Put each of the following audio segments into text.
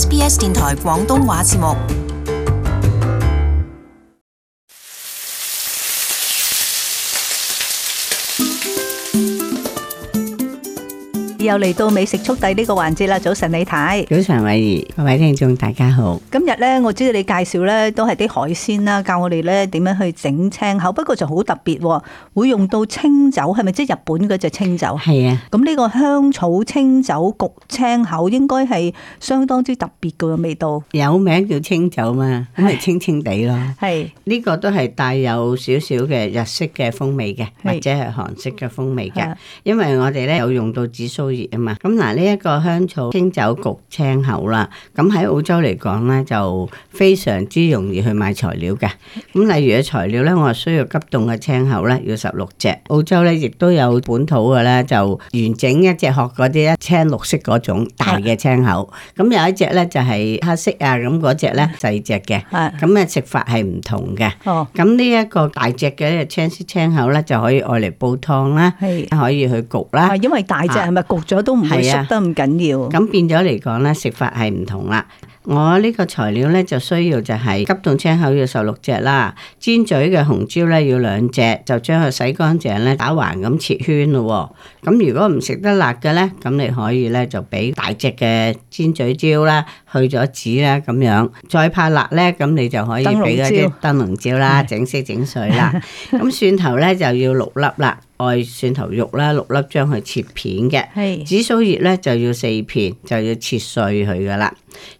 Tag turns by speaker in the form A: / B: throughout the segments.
A: SBS 電台廣東話節目。又嚟到美食速遞呢個環節啦！早晨，李太。
B: 早晨，偉儀。各位聽眾大家好。
A: 今日呢，我知道你介紹呢都係啲海鮮啦，教我哋呢點樣去整青口，不過就好特別，會用到清酒，係咪即係日本嗰隻清酒啊？係啊。咁呢個香草清酒焗青口，應該係相當之特別
B: 嘅味道。有名叫清酒嘛？咁咪是清清地咯。係是。呢個都係帶有少少嘅日式嘅風味嘅，或者係韓式嘅風味嘅，是是因為我哋呢有用到紫蘇。啊嘛，咁嗱呢一個香草清酒焗青口啦，咁喺澳洲嚟講咧就非常之容易去買材料嘅。咁例如啲材料咧，我需要急凍嘅青口咧要十六隻，澳洲咧亦都有本土嘅咧，就完整一隻殼嗰啲咧青綠色嗰種大嘅青口。咁有一隻咧就係黑色啊，咁嗰隻咧細隻嘅。啊，咁啊食法係唔同嘅。哦，咁呢一個大隻嘅青色青口咧就可以愛嚟煲湯啦，可以去焗啦。啊，因為大隻係咪
A: 焗？咗都唔會熟
B: 得咁緊要，咁變咗嚟講咧，食法係唔同啦。我呢個材料咧就需要就係急凍青口要十六隻啦，尖嘴嘅紅椒咧要兩隻，就將佢洗乾淨咧，打橫咁切圈咯。咁如果唔食得辣嘅咧，咁你可以咧就俾大隻嘅尖嘴椒啦，去咗籽啦咁樣。再怕辣咧，咁你就可以俾嗰啲燈籠椒啦，整色整水啦。咁蒜頭咧就要六粒啦。愛蒜頭肉啦，六粒將佢切片嘅。紫蘇葉咧就要四片，就要切碎佢㗎喇。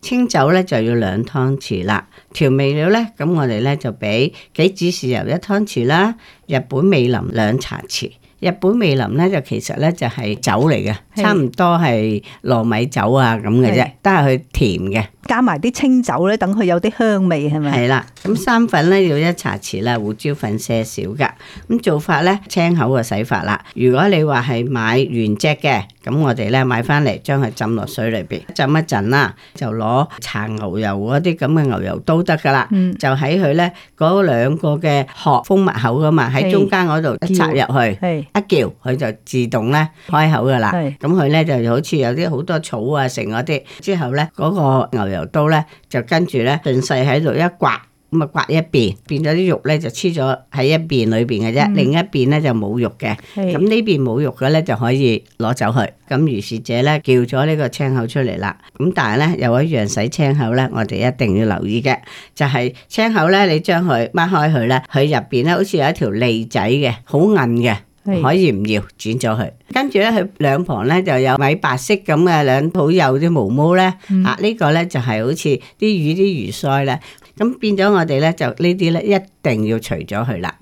B: 清酒咧就要兩湯匙啦。調味料咧，咁我哋咧就俾幾子豉油一湯匙啦，日本美林兩茶匙。日本味淋咧就其實咧就係酒嚟嘅，的差唔多係糯米酒啊咁嘅啫，都係佢甜嘅，
A: 加埋啲清酒咧等佢有啲香味係咪？係
B: 啦，咁生粉咧要一茶匙啦，胡椒粉些少噶，咁做法咧青口嘅洗法啦。如果你話係買原隻嘅。咁我哋咧買翻嚟，將佢浸落水裏邊，浸一陣啦、啊，就攞搽牛油嗰啲咁嘅牛油刀得噶啦，嗯、就喺佢咧嗰兩個嘅殼封密口噶嘛，喺中間嗰度一插入去，是一撬佢就自動咧開口噶啦，咁佢咧就好似有啲好多草啊成嗰啲，之後咧嗰、那個牛油刀咧就跟住咧順勢喺度一刮。咁啊，刮一邊，變咗啲肉咧就黐咗喺一邊裏邊嘅啫，嗯、另一邊咧就冇肉嘅。咁呢是邊冇肉嘅咧就可以攞走去。咁如是者咧叫咗呢個青口出嚟啦。咁但係咧有一樣洗青口咧，我哋一定要留意嘅，就係、是、青口咧，你將佢擘開佢咧，佢入邊咧好似有一條脷仔嘅，好韌嘅，是可以唔要剪咗佢。跟住咧佢兩旁咧就有米白色咁嘅兩肚幼啲毛毛咧。嗯、啊，呢、這個咧就係好似啲魚啲魚腮咧。咁變咗我哋咧就呢啲咧一定要除咗佢啦。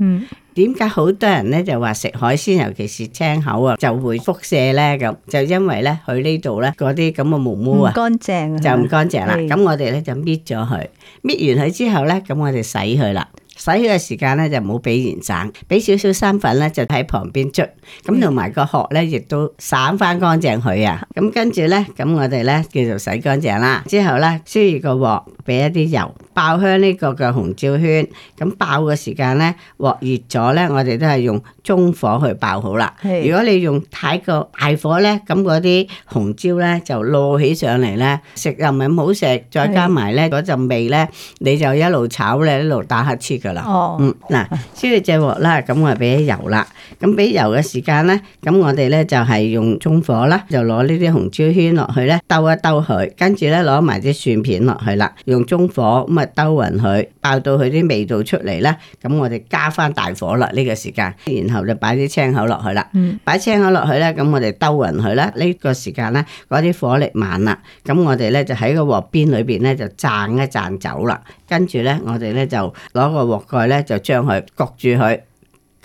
B: 點解好多人咧就話食海鮮，尤其是青口啊，就會輻射咧？咁就因為咧佢呢度咧嗰啲咁嘅毛毛啊，唔乾
A: 淨、嗯、就唔乾淨啦。
B: 咁、mm. 我哋咧就搣咗佢，搣完佢之後咧，咁我哋洗佢啦。洗佢嘅時間咧就冇俾鹽散，俾少少生粉咧就喺旁邊捽。咁同埋個殼咧亦都散翻乾淨佢啊。咁跟住咧，咁我哋咧叫做洗乾淨啦。之後咧，燒熱個鑊。俾一啲油爆香呢個嘅紅椒圈，咁爆嘅時間呢，鑊熱咗呢，我哋都係用中火去爆好啦。是如果你用太過大火呢，咁嗰啲紅椒呢，就攞起上嚟呢，食又唔係咁好食，再加埋呢嗰陣是味呢，你就一路炒一、哦嗯、一呢，一路打乞嗤噶啦。哦，嗯，嗱，燒隻鑊啦，咁我俾啲油啦，咁俾油嘅時間呢，咁我哋呢，就係用中火啦，就攞呢啲紅椒圈落去呢，兜一兜佢，跟住呢，攞埋啲蒜片落去啦。用中火咁啊，兜匀佢，爆到佢啲味道出嚟咧，咁我哋加翻大火啦呢個時間，然後就擺啲青口落去啦。嗯，擺青口落去咧，咁我哋兜匀佢啦。呢個時間咧，嗰啲火力慢啦，咁我哋咧就喺個鑊邊裏邊咧就讚一讚酒啦。跟住咧，我哋咧就攞個鑊蓋咧就將佢焗住佢。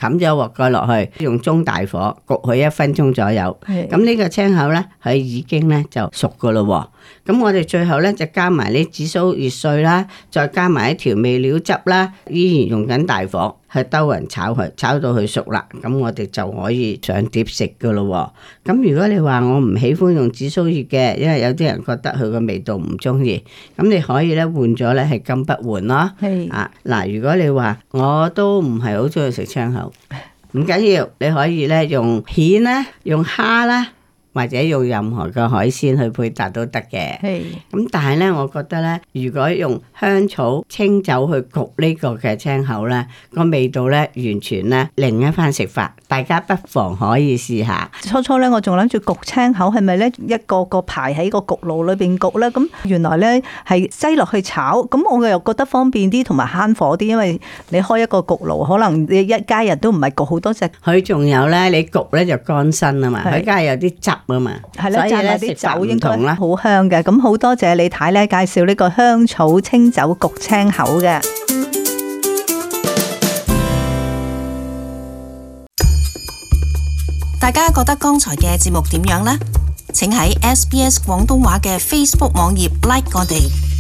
B: 冚咗鑊蓋落去，用中大火焗佢一分鐘左右。咁呢的個青口呢，佢已經呢就熟㗎咯喎。咁我哋最後呢就加埋啲紫蘇葉碎啦，再加埋啲調味料汁啦，依然用緊大火。去兜人炒佢，炒到佢熟啦，咁我哋就可以上碟食噶咯。咁如果你話我唔喜歡用紫蘇葉嘅，因為有啲人覺得佢個味道唔中意，咁你可以咧換咗咧係金不換咯。係是啊，嗱，如果你話我都唔係好中意食青口，唔緊要，你可以咧用蜆啦，用蝦啦。或者用任何嘅海鮮去配搭都得嘅，咁的但係呢，我覺得呢，如果用香草清酒去焗呢個嘅青口呢，個味道呢，完全呢另一番食法，大家不妨可以試下。初初呢，我
A: 仲諗住焗青口係咪呢？一個個排喺個焗爐裏邊焗呢？咁原來呢，係擠落去炒，咁我又覺得方便啲同埋慳火啲，因為你開一個焗爐，可能你一家人都唔係焗好多隻。佢仲有呢，你焗呢就乾身啊嘛，佢加的
B: 有啲汁。
A: 係啦，所以啲酒應該好香嘅。咁好多謝李太咧，介紹呢個香草清酒焗青口嘅。大家覺得剛才嘅節目點樣呢？請喺 SBS 廣東話嘅 Facebook 網頁 like 我哋。